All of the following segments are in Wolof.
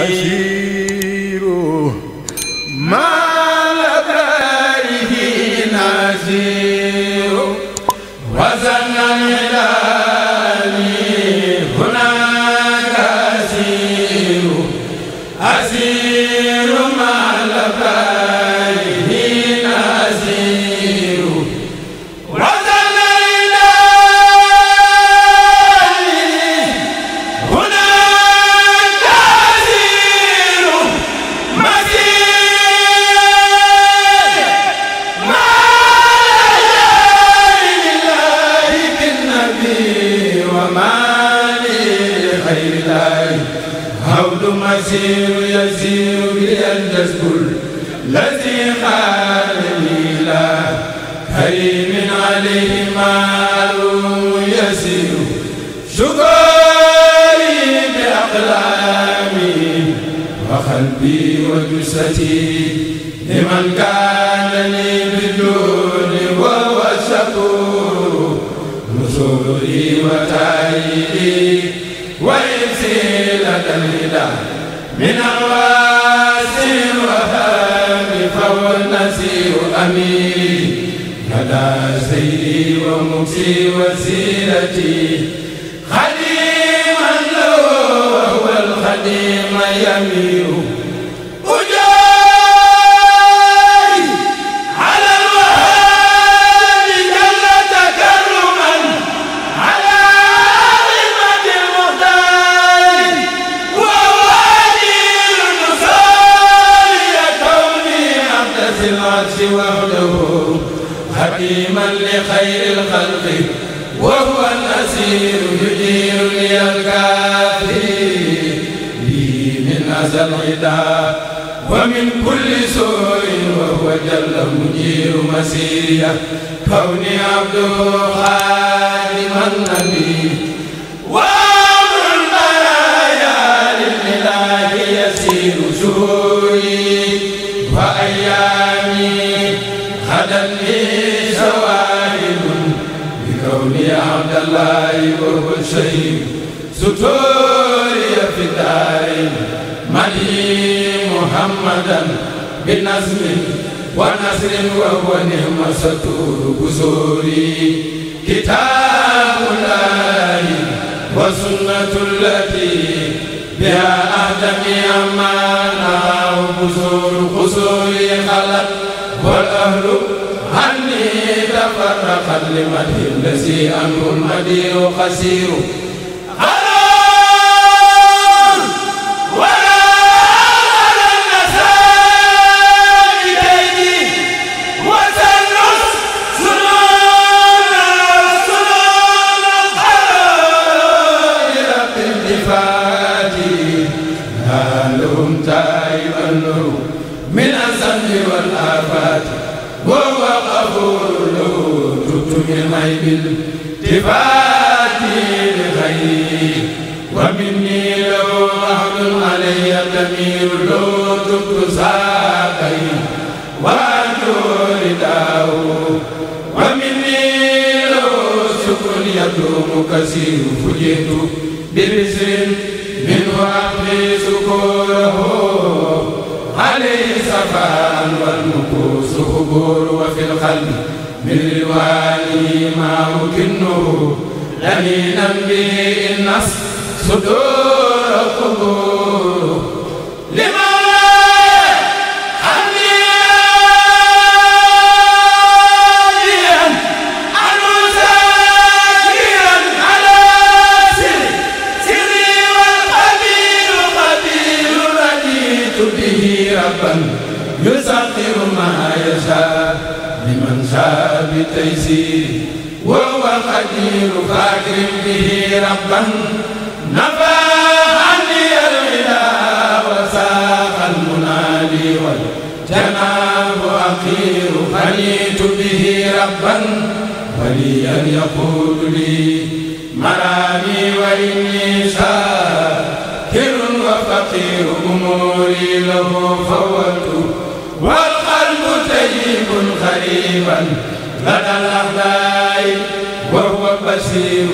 开心 عزتي لمن كان لي بالدون وهو الشكور نصوري وتأييدي وإنزيلة الإله من الواسع وهام فهو النسير أمير لدى سيدي ومكسي وسيرتي خديما له وهو الخديم يمير المسيح كوني عبد خادم النبي وأمر البرايا للإله يسير شهوري وأيامي غدا لي شواهد بكوني عبد الله قرب الشيء ستوري في الدارين ملي محمدا بالنسب ونصر وهو نعم ستور بزوري كتاب الله وسنة التي بها أهدمي أمانا وبزور قصوري خلت والأهل عني تفرقت لمدح الذي أمر المدير خسير كثير فجئت ببشر من وأخي سكوره عليه صفاء والمكوس خبور وفي القلب من الوالي ما أكنه لمينا به النص صدور لمن جاء بتيسير وهو القدير فاكرم به ربا نفى عني الغنى وساق المنادي والجناب أخير فنيت به ربا وليا يقول لي مرامي وإني شاكر وفقير أموري له فوت لدى الأعداء وهو بصير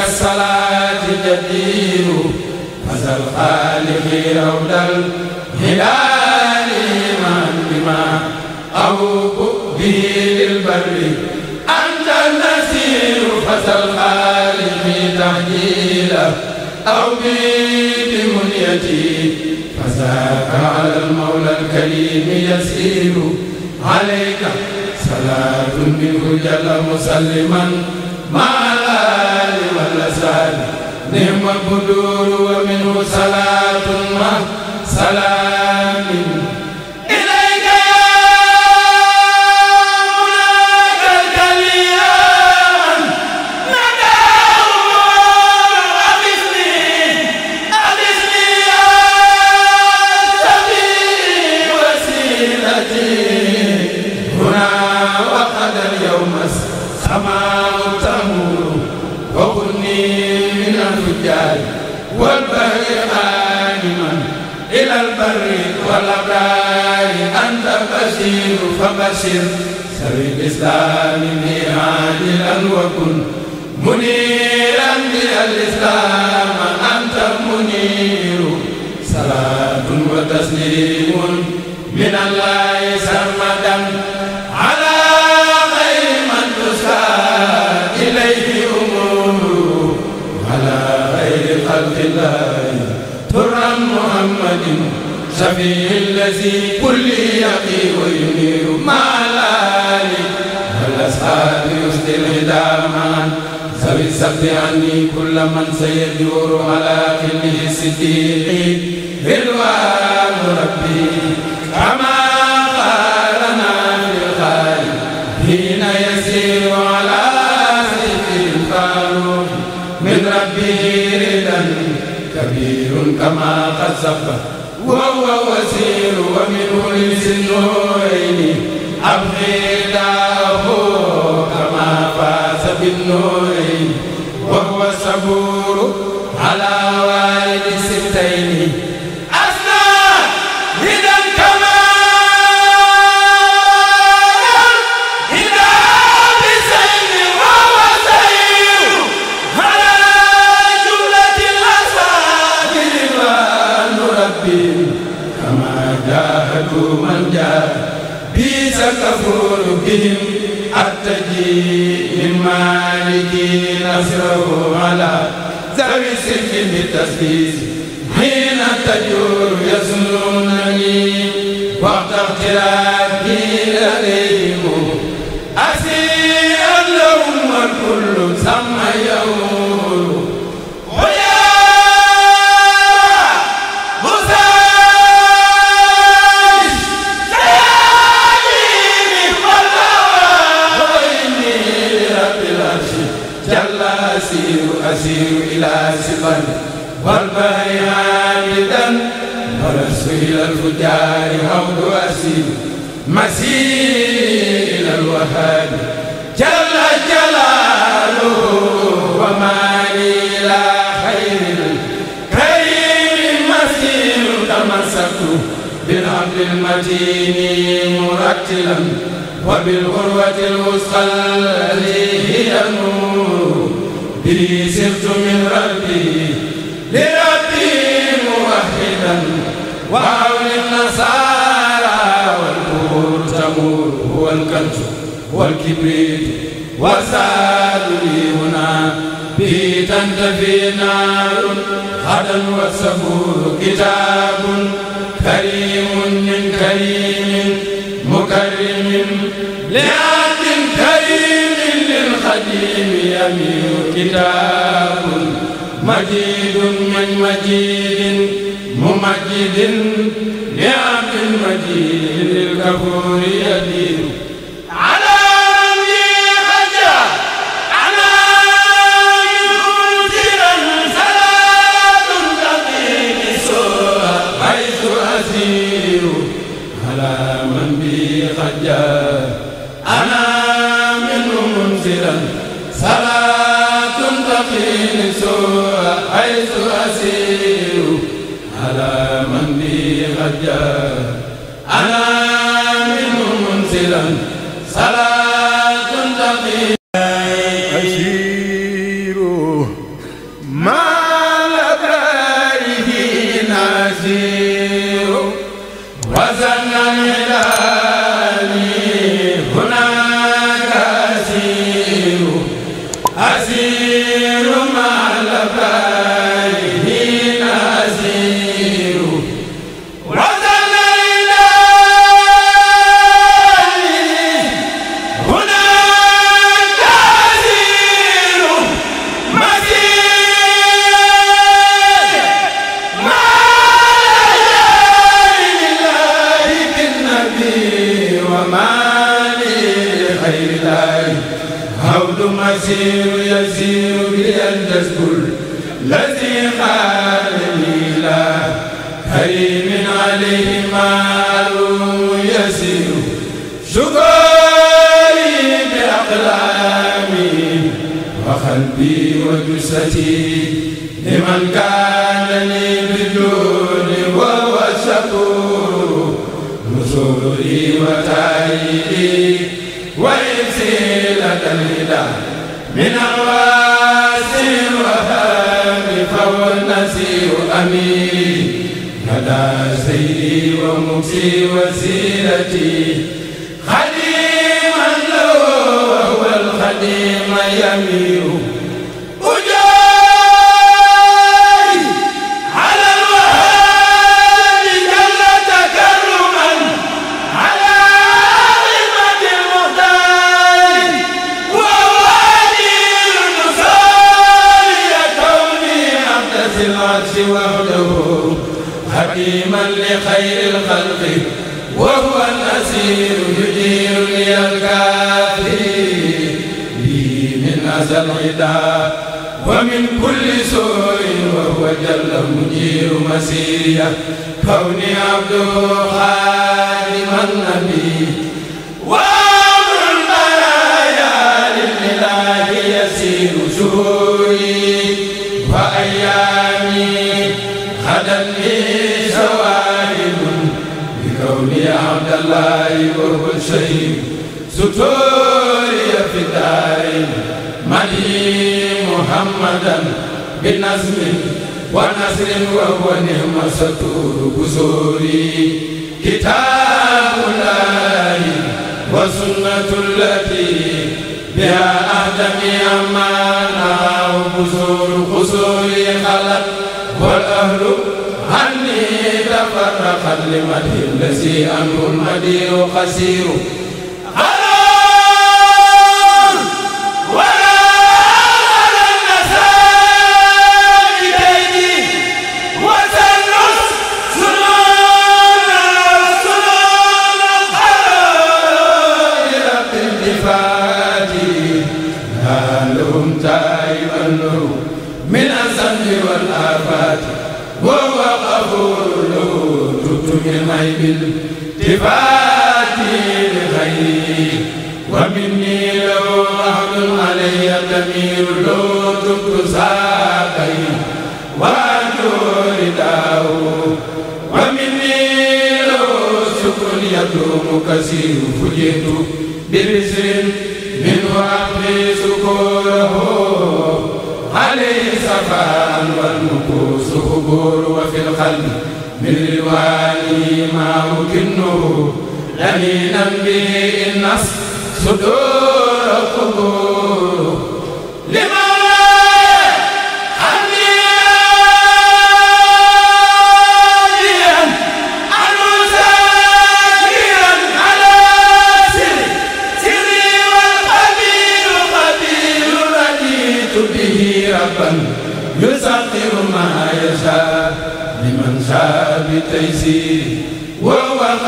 كالصلاة جديد فزى الخالق رولا الهلال من بما أو به للبر أنت النسير فزى الخالق تحجيله أو به بمنيتي فذاك على المولى الكريم يسير عليك صلاة منه جل مسلما مع اللسان نعم البدور ومنه صلاة ما سلام رد عني كل من سيدور على كله صديقي بالوان ربي كما قالنا في الخير حين يسير على سيف الفاروق من ربه ردا كبير كما قد التسديد حين تجور يسلونني وقت اختلافي مسيل الوهاب جل جلاله وما إلى خير الكريم مسيل تمسكت بالعبد المتين مرتلا وبالغروة الوسطى الذي هي النور به سرت من ربي والكنز والكبريت والسعد هنا به في نار غدا والسفور كتاب كريم من كريم مكرم لعبد كريم للخديم يمين كتاب مجيد من مجيد ممجد لعبد مجيد للكفور ma la الأمين ندى سيدي ومكسي وسيرتي خديما له وهو الخديم يميل مجير مسيري كوني عبد خادم النبي وامر البرايا للإله يسير شهوري وأيامي غدا لي شواهد بكوني عبد الله قرب الشيء ستوري في الدارين ملي محمدا بالنزل ونصر وهو نعم ستور بزوري كتاب الله وسنة التي بها أهدمي أمانا وبزور قصوري خلت والأهل عني تفرقت لمدح الذي أمر المدير خسير الكون كثير فجئت ببشر منه أقضي سكوره عليه صفاء والنفوس قبور وفي القلب من الوالي ما أكنه لمينا به النص صدور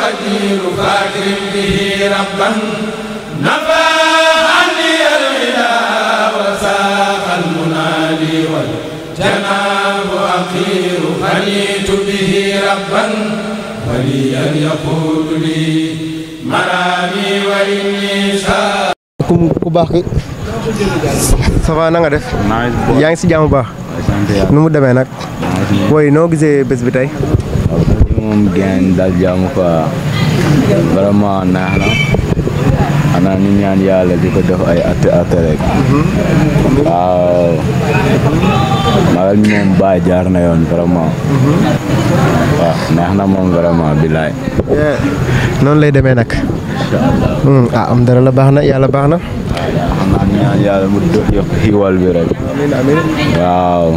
القدير فاكرم به ربا نفى عني الغنى وساق المنادي والجناب أخير خليت به ربا وليا يقول لي مرامي وإني شاء ku baax ki ça va na nga def yaa ngi si jàmm baax nu mu demee nag wooy noo gisee bés bi tey moom gain dal jaamu quoi vraiment na xanaa ñu ñaan yàlla di ko def ay atte rek waaw magal mi moom baay jaar na yoon vraiment waaw neex na moom vraiment bilaay noonu lay demee nag hmm, ah am dara la baax na yàlla baax na xanaa ñu ñaan yàlla mu yokk xiiwal bi rek waaw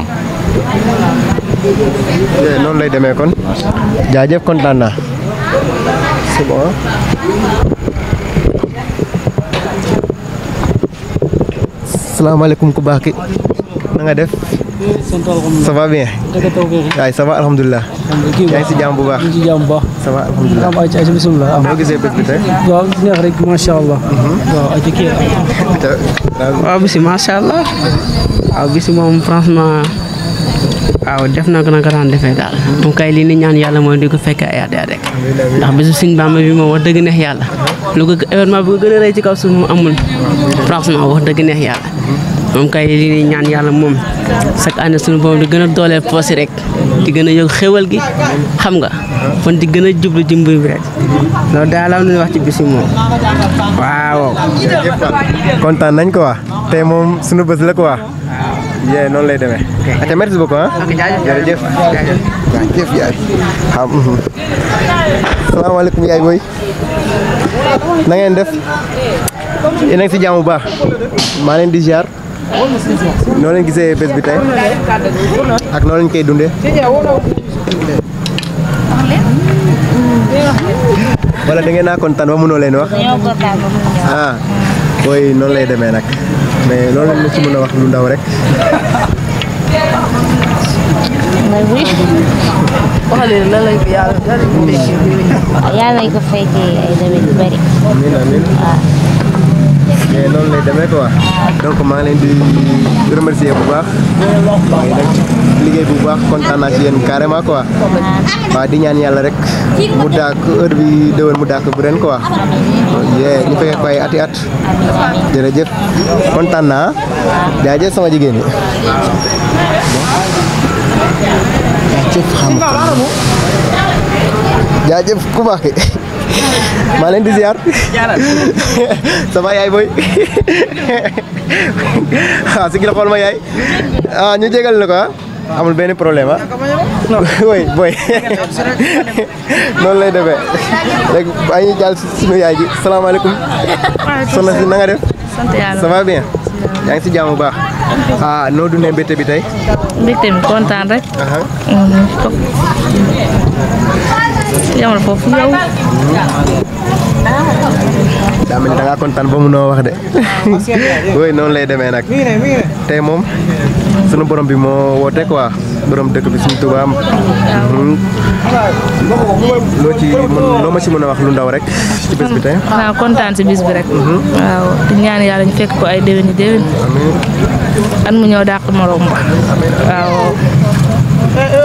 non lay démé kon jaajeuf kon tanna c'est bon alaykum ku baaki na nga def ça va bien eh? ay ça va alhamdulilah yaa ngi si jàmm bu baax ça va alhamdullah am ayca ayca bisimilah am nga gisee bëgg bi tey waaw neex rek ma sha allah mhm. ay ya, ci ki ya. kii waaw ma sha allah waaw bisi moom franchement waaw def na ko naka daan defee daal mu kay li ni ñaan yàlla mooy di ko a ay at at rek ndax bisu Sëñ Bàmba bi moom wax dëgg neex yàlla lu ko événement bi ko gën a rëy ci kaw suuf amul franchement wax dëgg neex yàlla moom kay li ni ñaan yàlla moom chaque année suñu boobu di gën a dooleel poos rek di gën a yokk xéwal gi xam nga kon di gën a jublu ci mbir bi rek loolu daal la ñuy wax ci bisi yi moom waaw kontaan nañ ko wax tey moom suñu bés la ko yee noonu lay demee. ok merci beaucoup ah. jërëjëf jaajëf jaajëf yaay. xam mhm. salaamaaleykum yaay booy. na def. yéen a ngi si jàmm bu baax. maa leen di ziar. noo leen gisee bés bi tey. ak noo leen koy dunde wala da ngeen naa kontaan ba mënoo leen wax. ah booy noonu lay demee nag. mais loolu la ci mën a wax lu ndaw rek. yàlla nañ ko fekkee ay demee yu bëri. amiin amiin. Ah. mais eh, noonu lay donc ngi leen di remercier bu baax maa ngi nag liggéey bu baax kontaan naa ci yéen carrément quoi waaw di ñaan yàlla rek mu daak heure bi déwén mu bu ren quoi yee ñu fekkee ko ay ati at jërëjëf kontaan naa jaajëf sama jigéen yi jaajëf xam jaajëf ku baax maa leen di ziar sama yaay ah, si gi xool ma yaay ah ñu jégal na ko ah. amul benn problème ah. oui booy noonu lay defee léegi ba ñu jàll si suñu yaay ji salaamaaleykum. soxna si na nga def. sant yàlla ça yaa ngi si jàmm bu baax. Ah, noo dundee mbégte bi tey. mbégte bi kontaan rek. yaa ma foofu yow daa da nga kontaan ba munoo wax de oui noonu lay demee nag tey moom sunu borom bi moo woote quoi borom dëkk bi suñu tubaam mhm. loo ci mën ma ci mën wax lu ndaw rek ci bis bi tey waaw kontaan bi rek mhm. waaw di ñaan ñu fekk ko ay mu morom ba waaw eh, eh,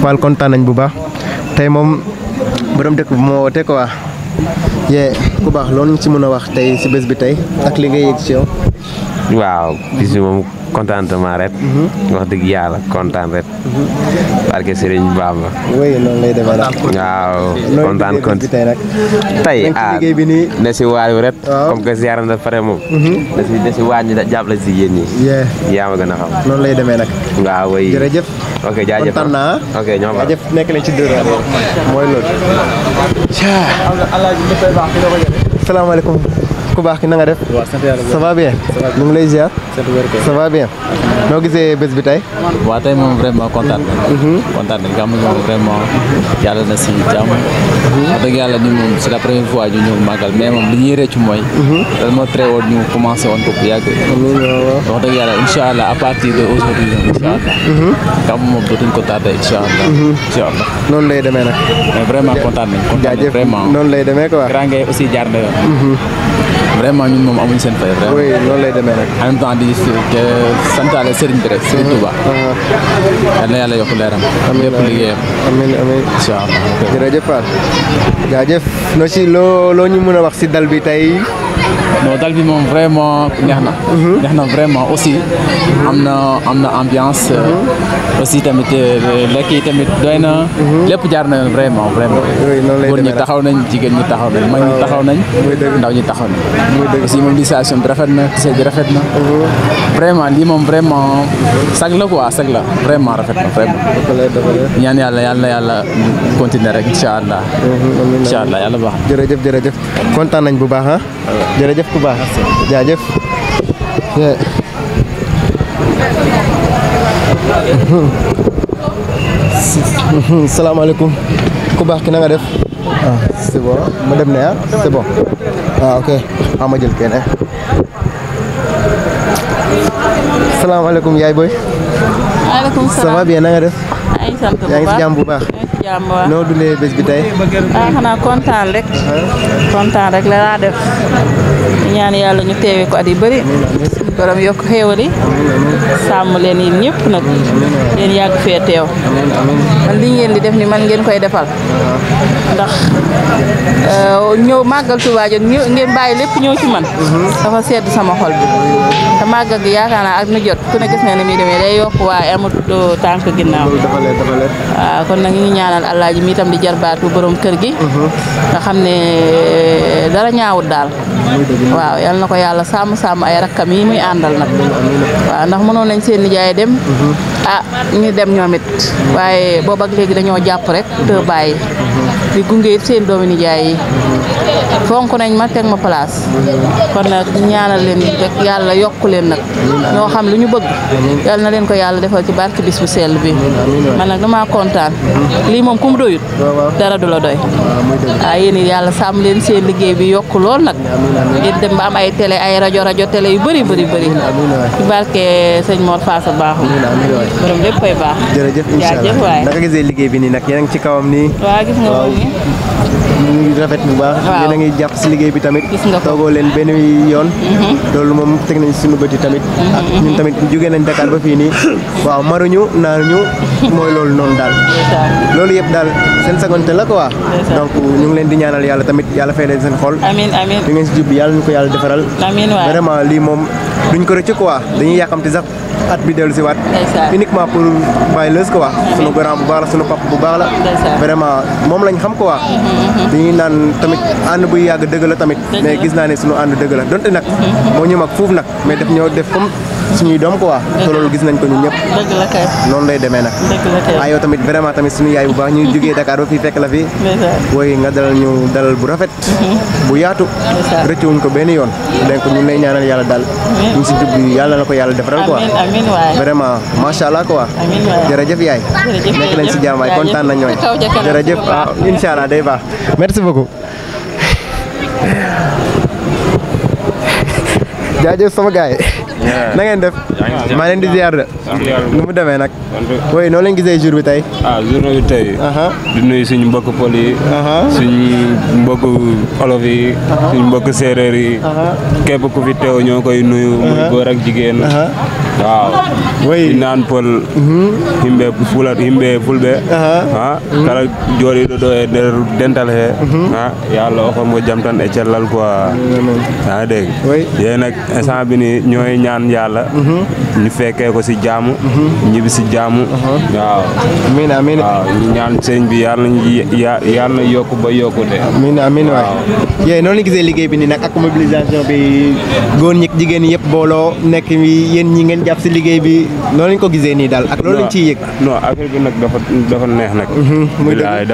Fall kontaan nañ bu baax tey moom borom dëkk bi moo ko quoi yee ku baax loolu ñu ci mën a wax tey si bés bi tey ak li ngay yëg ci yow. waaw bis bi moom contentement rek. Mhm. wax dëgg yàlla kontaan rek. Mhm. barke Serigne Bamba. oui noonu lay demee waaw kontaan kon tey ah ne si waayu rek. comme que ziar na pare moom. Mhm. ne si ne si waañ da si yéen ñi. yaa ma gën a lay demee nag. waaw oui jërëjëf. ok jaajëf naa ok ñoo ma jaajëf nekk nañ ci dër mooy loolu. salaamaaleykum. ku baax ki na nga def. ça va bien. ñu lay ziar. ça va bien. noo gisee bés bi tey. waaw tey moom vraiment kontaan nañu. Mhm. kontaan nañu gàmmu moom vraiment yàlla na si jàmm. Mhm. dëgg yàlla ñu moom c'est la première fois ñu ñëw màggal mais moom bi ñuy rëccu mooy. dañ ma tere woon ñu commencé ko bu yàgg. wax dëgg yàlla incha allah à partir de aujourd'hui incha allah. Mhm. gàmmu moom dootuñ ko tardé incha allah. incha lay deme nag. mais vraiment kontaan nañu. jaajëf kontaan vraiment. noonu lay demee quoi. grand ngay vraiment ñun moom amuñ seen fay. vraiment oui loolu lay demee nag. en même temps di santaale Serigne bi rek. Serigne Touba. Uh-huh, uh-huh. yal na yàlla yokk leeram. amiin lépp liggéeyam. amiin amiin incha allah. jërëjëf Fall. jaajëf. noo si loo loo ñu mën a wax si dal bi tey. non dal bi moom vraiment neex na. Mhm. neex na vraiment aussi am na am na ambiance. Euh, mhm. aussi tamit euh, lekk yi tamit doy na. Mhm. lépp jaar na vraiment vraiment. góor ñi taxaw nañ jigéen ñi taxaw nañ mag ñi ah, taxaw nañ. ndaw ñi taxaw nañ. muy dëgg aussi mobilisation bi rafet na tisee bi rafet na. vraiment lii moom vraiment sag la quoi sag la vraiment rafet na vraiment. ñaan yàlla yàlla yàlla continuer rek incha allah. incha allah yàlla baax na. jërëjëf jërëjëf kontaan nañ bu baax ah. Jadi ku baax jaajëf ya. salaamaaleykum ku baax ki na nga def ah c'est bon ne ah c'est bon ah ok Ama ma jël keneen eh. salaamaaleykum yaay booy. maaleykum salaam bien yaa ngi si bu baax noo dundee bés bi tey ah xanaa kontaan rek ah. kontaan rek la def ñaan yàlla ñu teewee ko at yu bëri borom yok xewali yi len yi yéen nak yeen yag yàgg fee man li ngeen di def ni man ngeen koy defal ndax euh ñëw magal tuba jot ngeen bàyyi lepp ñëw ci man dafa sedd sama xol bi ta magal gi yaakaana ak nu jot ku ne gis na ni mi demé day yokk waaye amut euh, tànk ginnaaw ah kon nak ñu ñaanal allah ji mi tam di jarbaatu borom kër gi nga xam euh, dara ñaawut dal waaw yalla nako yalla sam sam ay rakam yi muy àndal nag waaw ndax mënoon nañ seen nijaay dem mhm. ah ñu dem ñoom it waaye boobu léegi dañoo jàpp rek te bàyyi mhm. di gunge seen doomi nijaay yi mhm. fonk nañ ma teg ma place kon nag ñaanal leen rek yàlla yokk leen nag ñoo xam lu ñu bëgg yàlla na leen ko yàlla defal ci barke bis bu sell bi man nag dama kontaan lii moom ku mu doyut dara du la doy waaw yéen yàlla sàmm leen seen liggéey bi yokk lool nag ngeen dem ba am ay télé ay rajo rajo télé yu bari bëri bëri ci barke sëñ Mor Faasa baaxul borom lépp koy baax jërëjëf incha allah naka gisee liggéey bi nii nag yéen ci kawam nii waaw gis nga rafet bu baax ngi liggéey bi tamit leen benn yoon loolu moom teg nañ suñu bëti tamit ak ñun tamit nañ Dakar ba fii nii waaw maruñu mooy loolu noonu daal loolu yëpp daal seen sagonte la quoi donc ñu ngi leen di ñaanal yàlla tamit yàlla at bi delu si wat uniquement pour bàyyi quoi sunu grand bu baax la sunu papa bu baax la vraiment moom lañ xam quoi dañuy naan tamit ànd buy yàgg dëgg la tamit mais gis naa ne suñu ànd dëgg la donte nag mhm. moo ñu mag fuuf nag mais def ñoo def kom suñuy doom quoi to lolou gis nañ ko ñun ñep deug la kay non lay démé nak dëgg la kay ayoo tamit vraiment tamit suñu yaay bu baax ñu jógee Dakar ba fekk la fi woy nga dal ñu dal bu rafet mhm. bu yaatu rëccuwuñ ko benn yoon donc ñu lay ñaanal yalla dal ñu ci jub yalla nako yalla yàlla quoi amin amin way vraiment ma sha allah quoi amin waay jërëjëf yaay nek lañ ci jaam contane nañ ñoy jërëjëf ah, incha allah day baax merci beaucoup jaajëf sama gaay na ngeen def. maa leen di ziar de. nu mu demee nag. oui noo leen gisee jour bi tey. ah journée bi tey. di nuyu suñu mbokk pël yi. suñu mbokk olof yi. suñu mbokk séeréer yi. képp ku fi teew ñoo koy nuyu. muy góor ak jigéen. waaw. oui naan pël. Mhm. himbe fula himbe fulbe. ah kala jooli do e nder dental he. ah yàlla waxoon nga jam tan e cellal quoi. yaa dégg. oui yéen nag instant bi ñooy ñaan. ñaan yàlla ñu fekkee ko si jaamu ñibbi si jaamu waaw amiin amiin waaw ñu ñaan sëñ bi yàlla nañu yàlla na yokk ba yokkute amiin amiin waay yooyu noonu la gisee liggéey bi nii nag ak mobilisation bi góor ñi jigéen ñi yëpp booloo nekk mi yéen ñi ngeen jàpp si liggéey bi noonu lañ ko gisee nii daal ak loolu lañ ciy yëg non affaire bi nag dafa dafa neex nag mhm, bilaay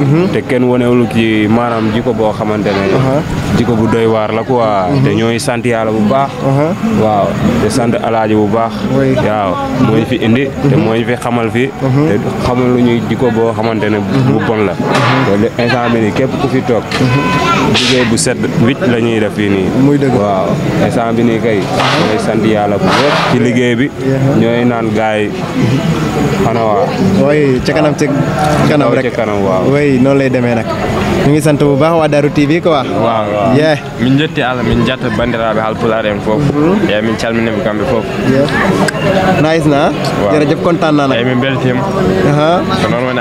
mhm. te kenn wonewul ci maanaam jiko boo xamante ne uh-huh. jiko bu doy waar la quoi mhm. te ñooy sant yàlla bu baax uh-huh. waaw te sant alaaji bu baax waaw mooy fi indi te mhm. mooy fi xamal fi mhm. te xamal lu ñuy jikko boo xamante ne bu mhm. bon la loolu instant bi képp ku fi toog liggéey bu set wicc la ñuy def fii nii muy dëgg waaw instant bi nii kay mooy sant yàlla bu wér ci liggéey bi ñooy naan gaay xana waa ca kanam ca kanam rek ca kanam waaw noonu lay demee nag ñu ngi sant bu baax waa Daaru TV quoi waaw waaw min jetti Allah min jatta bandiraaɓe halpulaar en fof calminimi kamɓe fof nice na jërëjëf content nana eymin beltima ko noon woni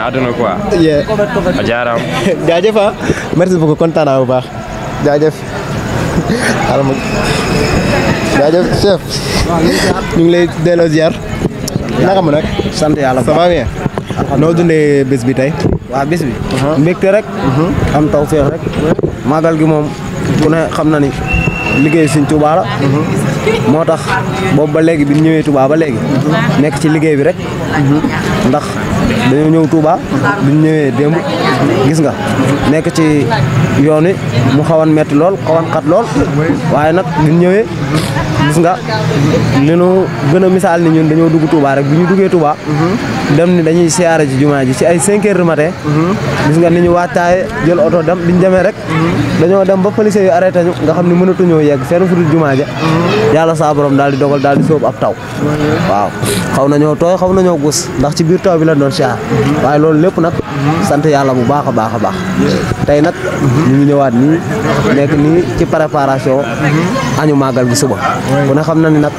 a jarama jajef a ah. merci beaucoup content na o baax jajef chef ñu ngi lay delloo ziar naka mu nag sant yàlla ça va noo dundee bés bi tey rek mhm. am taw feex rek magal gi moom ne xam na ni liggéey Sëñ moo tax boobu ba léegi bi ñëwee Touba ba léegi nekk ci liggéey bi rek ndax dañoo ñëw Touba bi ñëwee démb gis nga nekk ci yoon wi mu xawan metti lool xawan xat lool waaye nag bi ñëwee gis nga li nu gën a ni ñun dañoo dugg Touba rek bi ñu duggee Touba dem ni dañuy siara ci jumaaji ci ay 5 h du matin gis nga ni ñu waataay jël auto dem biñu démé rek dañoo dem ba police yu arrêté ñu nga xamni ne mënatuñoo yegg fénu fu jumaaji jumaa sa borom dal di dogal dal di soop ab taw waaw xaw nañoo toy xaw nañoo gus ndax ci biir taw bi la doon siyaar waaye loolu lepp nak sante yàlla bu baaxa baaxa baax tay nak ñu ñëwaat ni nek ni ci préparation añu magal gi suba ku ne xam na ni nag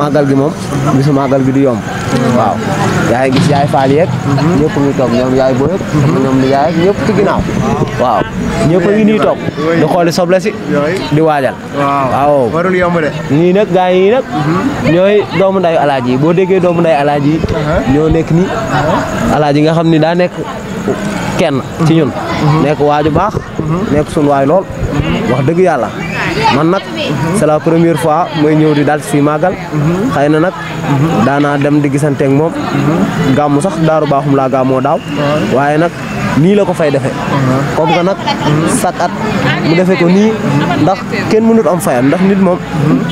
màggal gi moom bisu màggal gi du yomb waaw yaa ngi gis yaay faal yeeg ñëpp ngi toog ñoom yaay booy sama ñoom li yaay ñëpp ci waaw ñëpp ngi nii toog di xooli soble si di waajal waaw warul yomb de yi ñooy doomu ndayu yi boo déggee doomu ndayu alaaji yi uh-huh. ñoo nekk nii uh-huh. alaaji nga xam ni daa nekk kenn ci ñun uh-huh. nekk waaju baax nekk sun lool wax dëgg yàlla man nag c'est la première fois mooy ñëw di daal si fii màggal xëy na nag daanaa dem di gisanteeg moom gàmmu sax daaru baaxum laa gàmmoo daaw waaye nag nii la ko fay defee comme que nag chaque at mu defee ko nii ndax kenn mënut am fayam ndax nit moom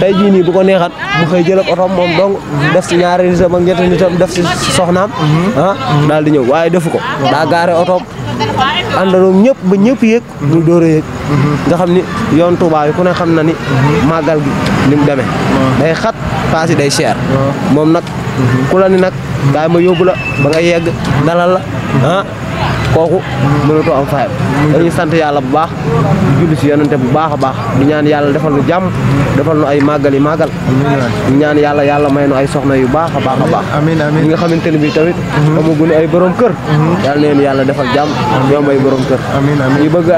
tey jii nii bu ko neexat mu xëy jël ak moom dong def si ñaari nitam ak def si soxnaam ah daal di ñëw waaye defu ko daa gaare otom àndandoo ñëpp ba ñëpp yëg mhm. ñu door yëg mhm. nga xam ni yoon Touba yi ku ne xam na ni mhm. màggal ni mu demee day xat paas yi day cher moom nag ku la ni nag daay ma la ba nga yegg dalal la ah kooku mënatoo am fayam dañuy sant yàlla bu baax julli si yonente bu baax baax di ñaan yàlla defal nu jàmm defal nu ay màggal yi màggal di ñaan yàlla yàlla may ay soxna yu baax a baax a Amin nga xamante ne bi tamit amaguñu ay borom kër yàlla leen yàlla defal jàmm ñoom ay borom kër bëgg ay bëgg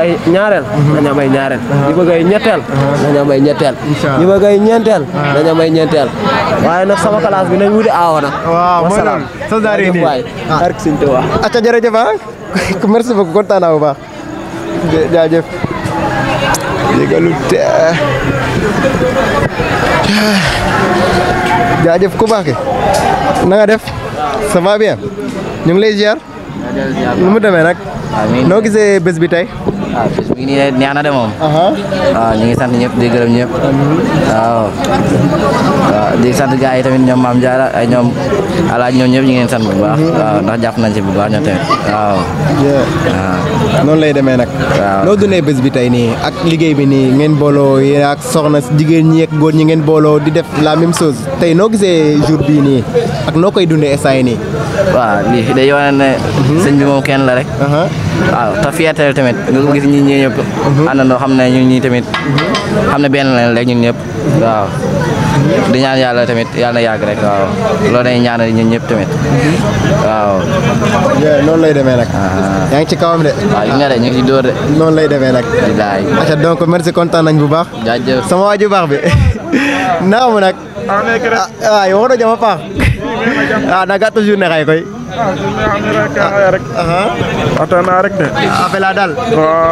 ay bëgg ay sama classe bi nañ wuti aawo waaw mooy loolu sa daari merci beaucoup kontaan naa bu baax jaajëf jégalu te jaajëf ku baax ki def ça va bien ñu ngi lay ziar nu mu demee nag noo gisee bés bi tey waaw ah, bis ah, na de moom. waaw ñu ngi sant ñëpp di gërëm ñëpp. waaw waaw ah, sant gars yi tamit ñoom Maam Diarra ay eh, ñoom alaaj ñoom ñëpp ñu ngi leen sant bu baax. Mhm, mhm. waaw ndax jàpp nañ ci bu baax ñoom tamit lay demee eh, nag. waaw noo dundee bés bi tey nii ak liggéey bi nii ngeen booloo yéen ak soxna jigéen ñi ak góor ñi ngeen booloo di def la même chose tey noo gise jour bii nii ak noo koy dundee instant yii nii. waaw lii day wane ne mhm. sëñ bi moom kenn la rek. waaw te fierté tamit nga gis ñi ñëpp mhm. àndandoo xam ne ñun ñi tamit xam ne benn lañ rek ñun ñëpp waaw di ñaan yàlla tamit yàlla na yàgg rek waaw loolu dañuy ñaanal ñun ñëpp tamit waaw noonu lay demee nag ah. yaa ci kawam de waaw ah, ñu nga de ñu ngi de noonu lay demee nag bilaay aca donc merci kontaan nañ bu baax jaajëf sama waaju baax bi naamu nag ah waaye waxu doo jama paax ah naga toujours ne xay koy atana rek ne a fela dal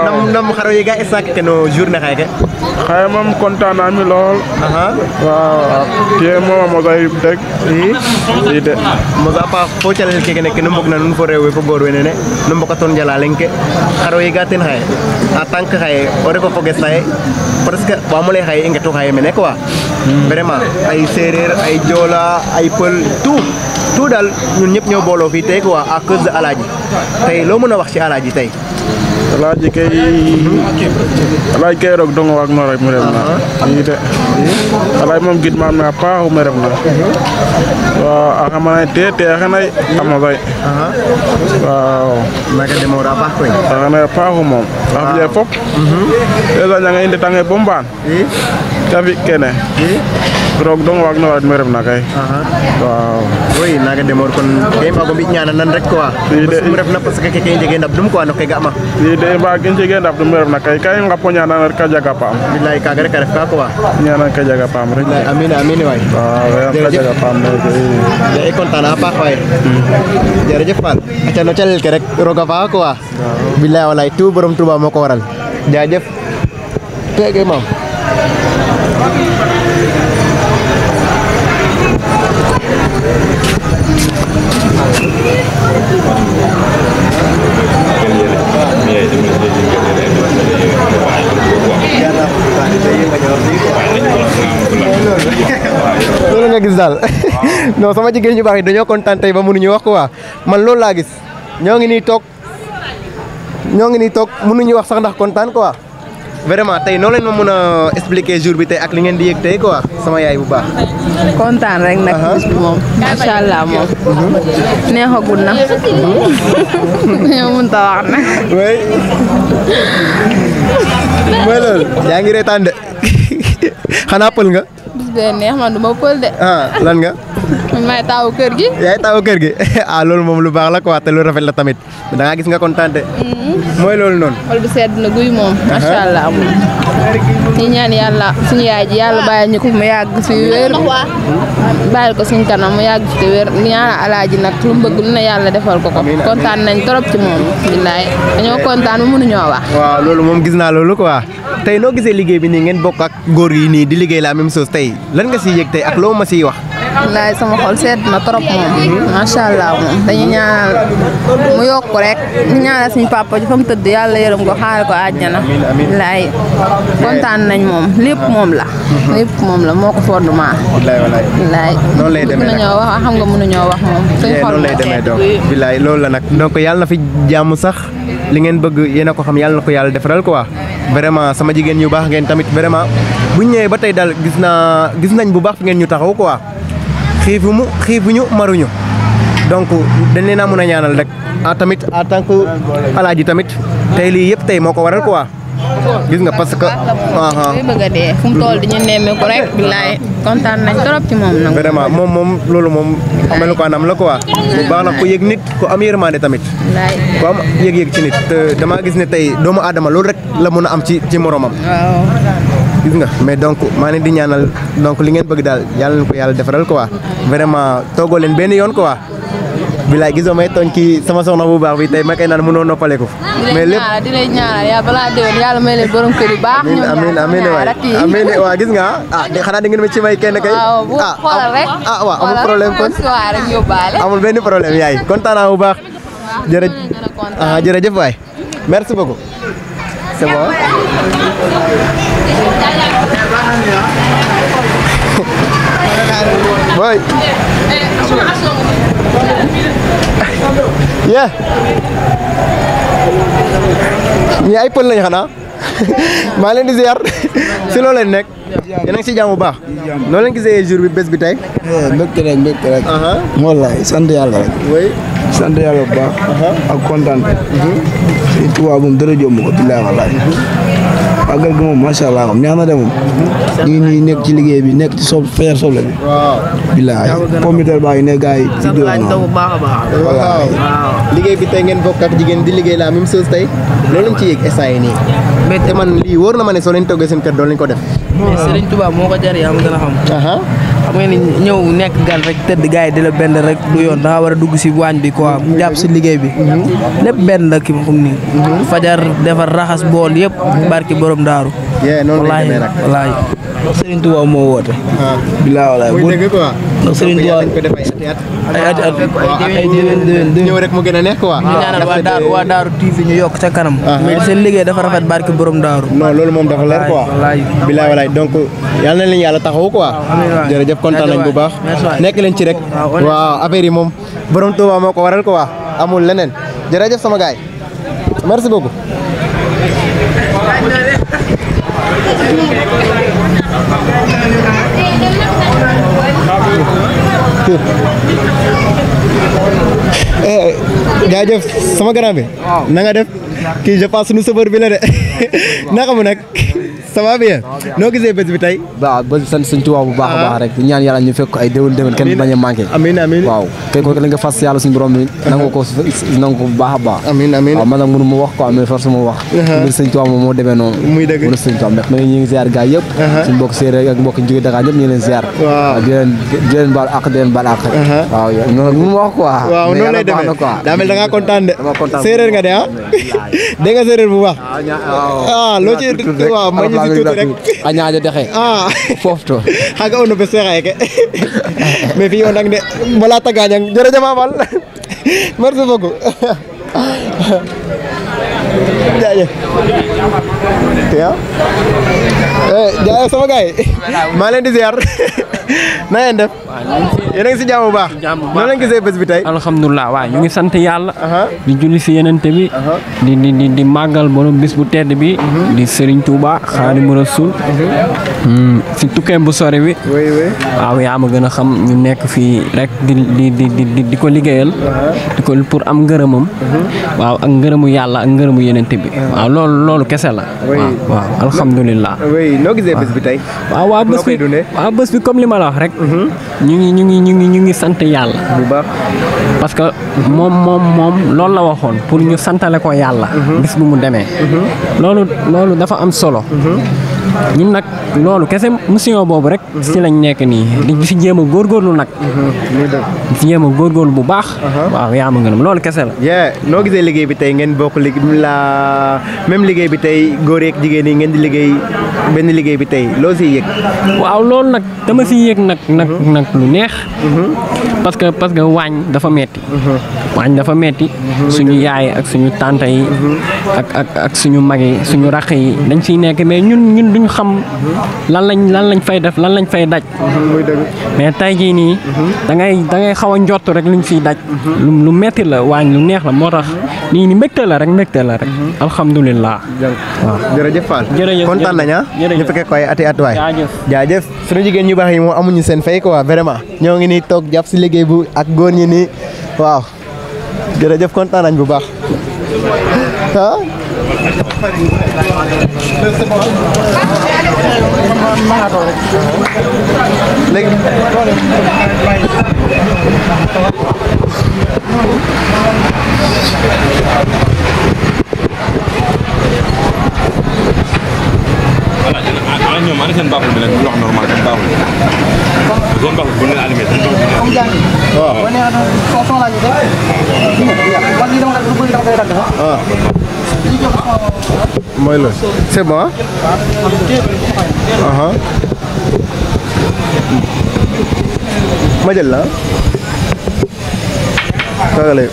nam nam xaro yega esak keno journée xeke xaye moom content ami lool waaw ke moom a mosa yip deg i de mosa paax fo calel keke ne kenu mbog na nuun fo rew we fo goor we nene nu mboka toon jala leng ke xaro yega ten xaye en tant que xaye o refo foges xaye presque waamo lay xaye i ngetu xaye mene quoi vraiment ay sereer ay jola ay pël tout tout dal ñun ñëpp ñoo booloo teew fii tey alaaji tey loo mën a wax ci alaaji tey. alaaji kay alaaji dongo waag no na uh-huh. i de alaaji moom gid maam na paaxu na Wah, akan mana dede kan sama baik. Wow. Mereka apa kau? Akan ay apa humom? Apa dia pop? Ela mhm. jangan ini tangan bomban. Tapi kene. Eh. Grog dong wagno admirem nakai. Eh. Wow. Woi, di game aku rekwa. Tidak. napa ndap dum ko anok Tidak bagian jaga ndap dum nakai. Kaya nggak punya anak kerja kapam. Bila ikagar kerja kapam. Nyana kerja Amin amin wai. Wow, kerja kapam jadi ya kontan apa kau jadi cepat acan nocel kerek roga apa aku ah oh. bila awal itu belum tuh mau koral jadi kayak gimana Yeah loolu nga gis daal non sama jigéen ñu baax yi dañoo kontaan tey ba wax quoi man loolu laa gis ñoo ngi nii toog ñoo ngi nii toog mënuñu wax sax ndax kontaan quoi vraiment tey noo leen ma mën expliquer jour bi ak li ngeen di quoi sama yaay bu baax. kontaan rek nag bis uh-huh. bi moom. macha uh-huh. neexagul na. ñoo uh-huh. mënut wax nga. bis bee du ma pël de. Ah, lan nga. ma maay taawu kër gi. yaay taawu kër gi ah loolu moom lu baax la quoi te lu rafet la tamit da ngaa gis nga kontaan de. Mm-hmm. mooy loolu noonu. xol bi sedd na guy moom. Uh-huh. macha allah amul. ñu ñaan yàlla suñu yaay ji yàlla bàyyi ñu ko mu yàgg fi wér. bàyyi ko suñu kanam mu yàgg fi wér ñaan alaaji nag lu mu bëgg lu ne yàlla defal ko ko. kontaan nañ trop ci moom. billaay dañoo kontaan ba mënuñoo moom gis naa loolu quoi. tey noo gisee liggéey bi nii ngeen bokk ak góor yi nii di liggéey la même chose tey lan nga siy yëg tey ak loo ma siy wax. lay sama xol set na trop moom macha allah moom dañu ñaan mu yok rek ñaan la suñu papa ji fam teud yalla yeeram ko xaar ko àjjana lay contane nañ mom lepp mom la mhm. lepp mom la moko fondu ma lay lay lay non lay demee ñoo wax xam nga mënu ñoo wax mom suñu xol non lay demee donc billaay lool la nak donc yalla na fi jamm sax li ngeen bëgg yeena ko xam yalla nako yalla yàlla quoi vraiment sama jigen yu bax ngeen tamit vraiment buñ ñëwé ba tay dal gis na gis nañ bu bax fi ngeen ñu taxaw quoi xiifumu xiifuñu maruñu donc dañ leen a mën a ñaanal rek ah tamit en tant que alaaji tamit tey lii yëpp tey moo ko waral ko quoi gis nga parce que. ah, ah. bëgg a dee fu mu toll dañu nemme ko rek billaay nañ trop ci moom nag. moom moom loolu moom amelu ko anam la quoi. bu baax na ku yëg nit ku am yërmande tamit. ku am yëg-yëg ci nit. te damaa gis ne tey doomu aadama loolu rek la mën a am ci ci gis nga mais donc maa leen di ñaanal donc li ngeen bëgg daal yàlla na ko yàlla defaral waa vraiment toogoo leen benn yoon quoi. bilaay gisoo may tooñ kii sama soxna bu baax bi tey ma koy naan mënoo noppaleku. mais lépp di lay ñaanal yaa balaa déwén yàlla may leen borom kër baax. ñoom waa gis nga ah xanaa da ngeen ma ci may kenn kay. waaw bu ah, xoolal rek ah waaw amul problème kon amul benn problème yaay kontaan naa bu baax. jërëjëf ah jërëjëf waay merci beaucoup. Ya. Ni iPhone lah ya, kan? maa leen di ziar si loo nekk. yéen a ngi si jàmm bu baax. noo leen gisee jour bi bés bi tey. Eh, mbégte rek mbégte rek. wallaay yàlla rek. oui sant yàlla bu baax. ak kontaan. Mhm. si tubaab moom dara ko bilaay wallaay. Mhm. màggal gi moom macha allah ñaan na de moom. ñii ñii nekk ci liggéey bi nekk ci so feer soble bi. bilaay computer baa ngi ne gars yi. ci diwaan waaw liggéey bi tey ngeen bokk ak jigéen di liggéey la même chose tey loolu lañ ci yëg instant yii nii. mais te man lii wóor na ma ne soo leen toggee seen kër doo leen ko def. mais a xam nga ni ñëw nekk gal rek tëdd gars yi di la benn rek du yoon da war a dugg si waañ bi quoi jàpp si liggéey bi mhm. lépp benn la ki ma xam mhm. fajar defar raxas bool yëpp mhm. barki borom daaru wallaahi wallaahi ndax Serigne Touba moo woote bilaa walaay bu dëgg quoi ay ay ay déwén rek mu gën neex quoi ñaanal waa daaru waa daaru TV ñu yokk ca kanam mais seen liggéey dafa rafet barke borom daaru non loolu moom dafa leer quoi bilaa walaay donc yàlla na leen yàlla taxaw quoi jërëjëf kontaan nañ bu baax nekk leen ci rek waaw affaire yi moom borom Touba moo waral quoi amul leneen jërëjëf sama gaay merci beaucoup jaajëf sama grand bi na nga def kii je pense nu ça va bien noo gisee bés bi tey waaw bés bi sant suñ tubaab bu baax a baax rek ñaan yàlla ñu fekk ay déwén déwén kenn bañ a amin. amiin amiin waaw kay ko la nga fas yàlla suñu borom bi nangu ko nangu ko bu baax a baax amiin amiin waaw man nag mënu ma wax quoi mais force ma wax mbir suñ tubaab moom moo demee noonu muy dëgg mënu suñ tubaab mais ñu ngi ziar gars yëpp suñ mbokk séeréer ak mbokk jóge Dakar ñëpp ñu leen ziar waaw di leen di leen baal ak di leen baal ak waaw noonu mënu wax quoi waaw noonu lay demee daa mel da ngaa kontaan de séeréer nga de ah dégg nga séeréer bu baax ah loo ci waaw lagi tuuti rek a ñaaƴo dexe ah. xaga o no bes fe ke mais fi o ndang de mbala ta gañang jërëjëf a Fall merci beaucoup jaajëf tiya ah. eh, jaajëf sama leen di na ngeen def yéen a ngi si jàmm bu baax noonu lañ gisee bés bi tey alhamdulilah waaw ñu ngi sant yàlla di julli si yenente bi di di di di màggal borom bis bu tedd bi mhm. di Serigne Touba Xaadimu Rasul mhm. hmm, si tukkeem bu sori bi waaw yaa ma gën a xam ñu nekk fii rek di di di di di ko liggéeyal di ko pour am ngërëmam mhm. waaw ak ngërëmu yàlla ak ngërëmu yenente bi waaw loolu loolu kese la waaw waaw alhamdulilah noo gisee bés bi tey waaw waaw bi waaw bés bi comme li ma la wax rek ñu ngi ñu ngi ñu ngi ñu ngi sant yàlla bu baax parce que moom moom moom loolu la waxoon pour ñu santale ko yàlla mhm. bis bu mu demee mhm. loolu loolu dafa am solo mhm. ñun nag loolu kese mission boobu rek ci lañ nekk nii di ci jéem a góorgóorlu nag di ci jéem a góorgóorlu bu baax uh-huh. waaw yaa ma ngënam loolu kese la yee noo gisee liggéey bi tey ngeen bokk liggéey la même liggéey bi tey góor yeeg jigéen yi ngeen di liggéey benn liggéey bi tey loo si yëg. waaw loolu nag dama siy yéeg nag nag mhm. nag lu neex. Mhm. parce que parce que waañ dafa metti mhm. waañ dafa metti suñu yaay ak suñu tante yi. ak ak suñu mag yi suñu rax yi dañ siy nekk mais ñun ñun duñ xam lan lañ lan lañ fay def lan lañ fay daj. mais tey jii nii. da ngay da xaw a njott rek luñ fiy daj. lu lu metti la waañ lu neex la moo tax nii ni mbégte la rek mbégte la rek. alhamdulilah. ñu fekk koy ati at waay jaajëf suñu jigéen ñu bax yi mo amuñu seen fay quoi vraiment ñoo ngi ni tok jàpp ci liggéey bu ak goor ñi ni waaw jërëjëf content nañ bu baax ah léegi ana ñoom ana seen baaxul bi nag loo xam normal tam baaxul zone baaxul bu leen animé seen baaxul comme jàng waaw bu ne son son lañu def parce que dama def lu bëri dama koy dagg waaw mooy la c'est bon aha ma jël la kagale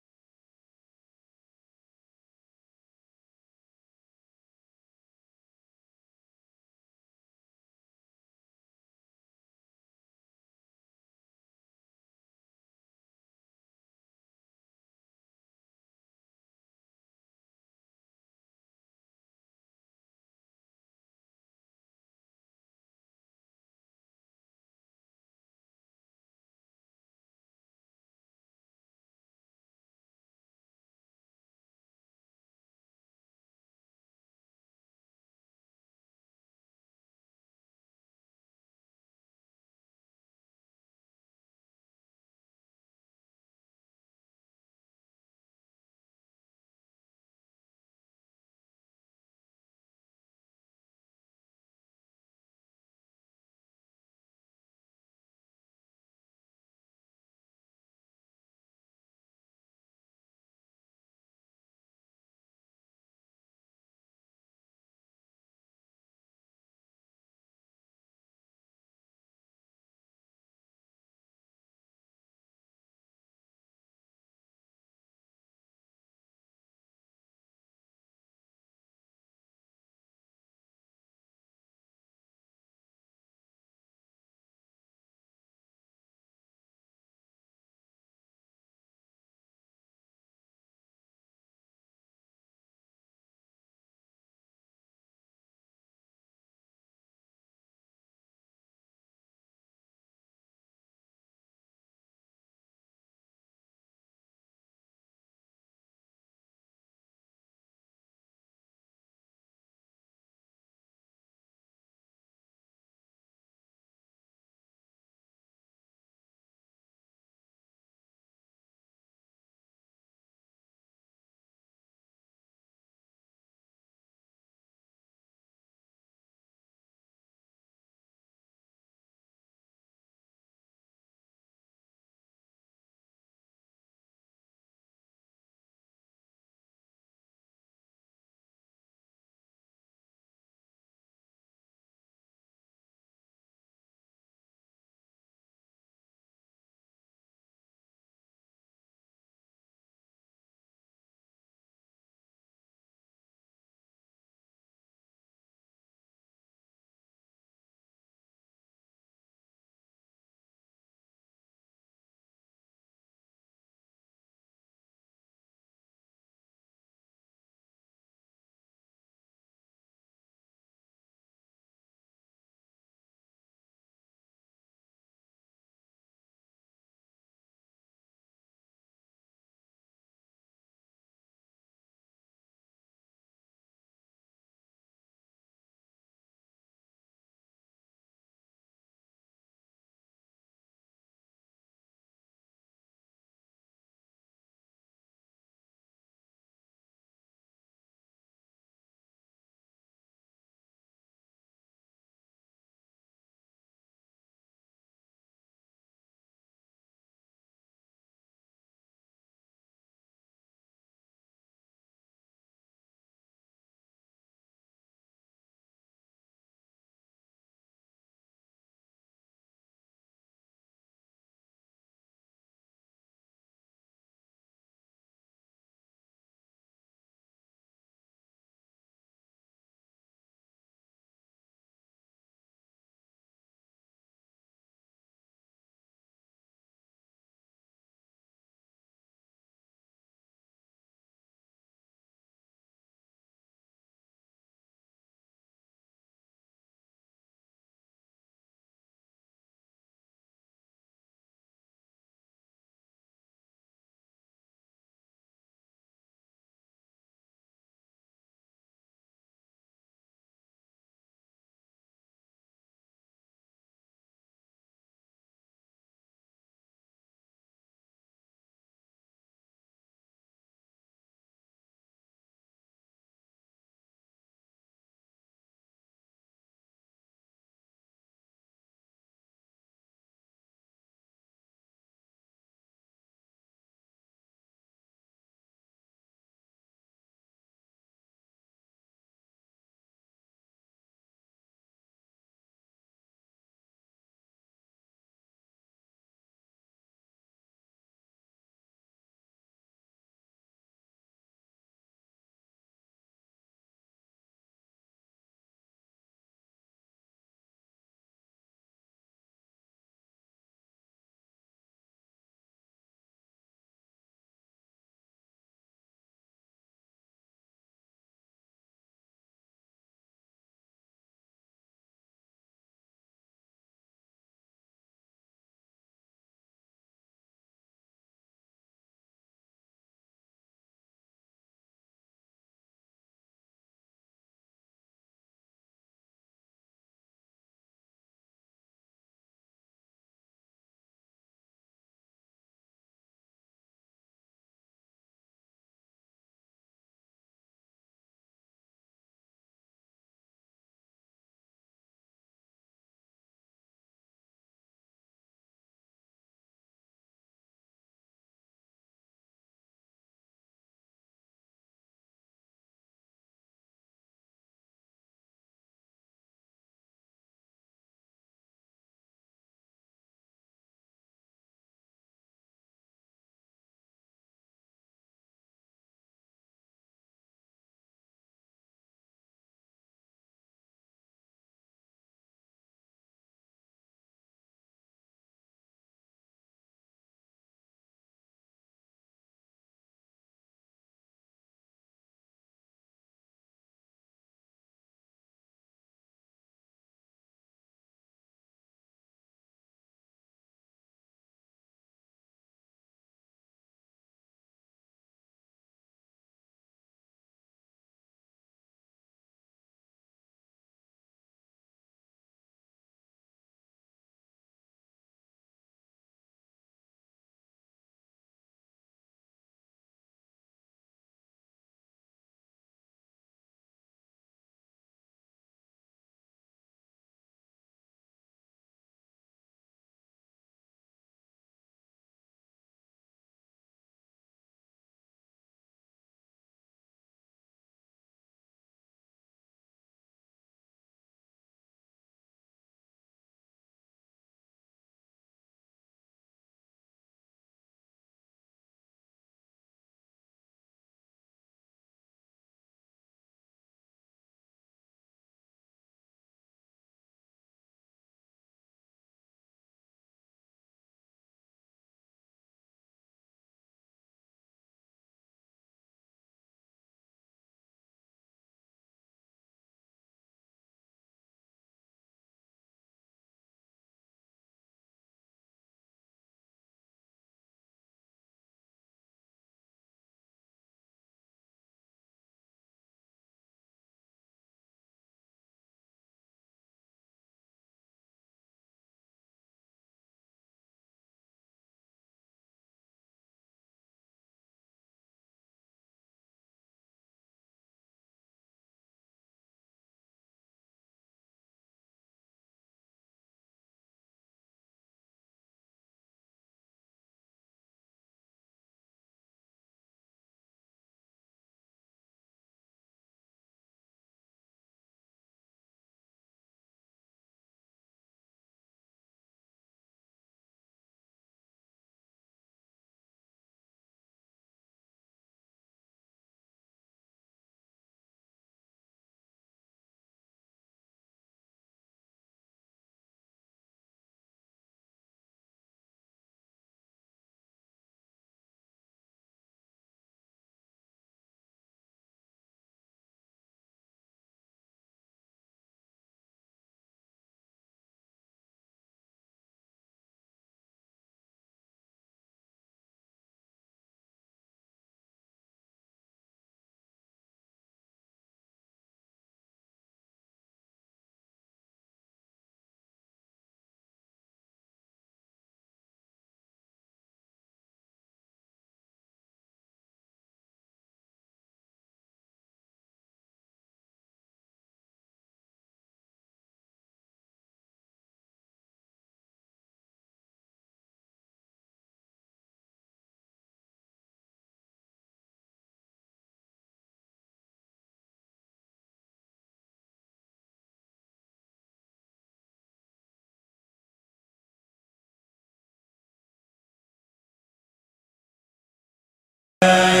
Yeah.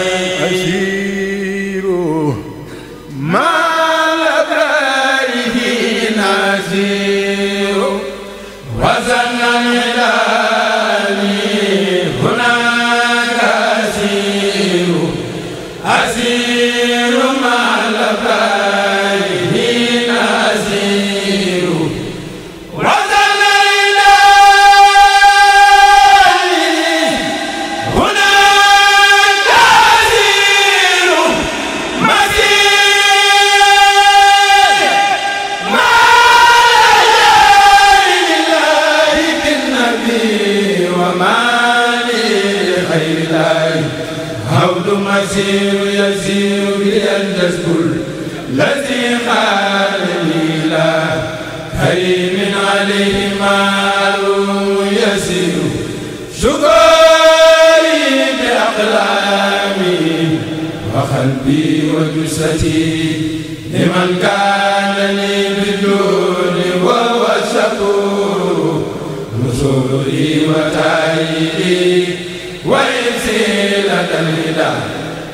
نسبتي لمن كان لي بالدون وهو الشكور نصوري وتأييدي وإنسيلة الهدى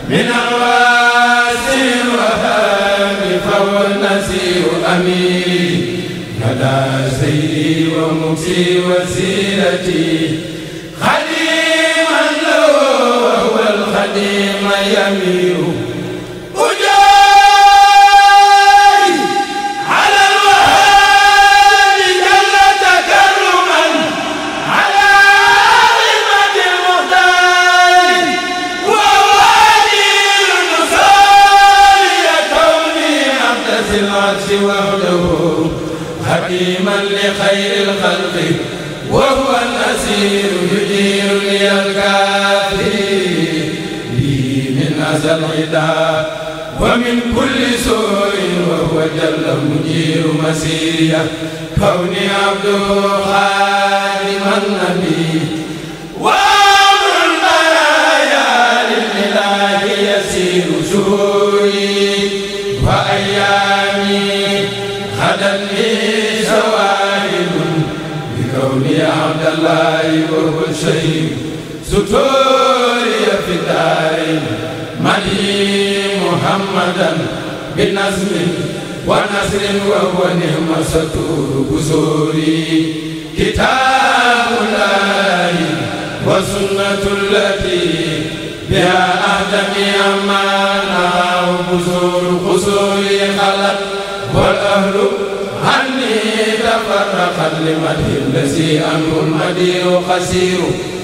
من أرواس الوهاب فهو النسير أمين هدى سيدي ومكسي وسيلتي خديما له وهو الخديم يمير مسيرية كوني عبد خادم النبي وامر البرايا للإله يسير شهوري وأيامي غدا لي شواهد بكوني عبد الله وهو الشيء ستوري في داري مدي محمدا بالنسب نصر وهو نعمة بزوري كتاب الله وسنة التي بها أهدم أمانا وبزور قصوري خلت والأهل عني تفرقت لمده الذي أمر المدير خسير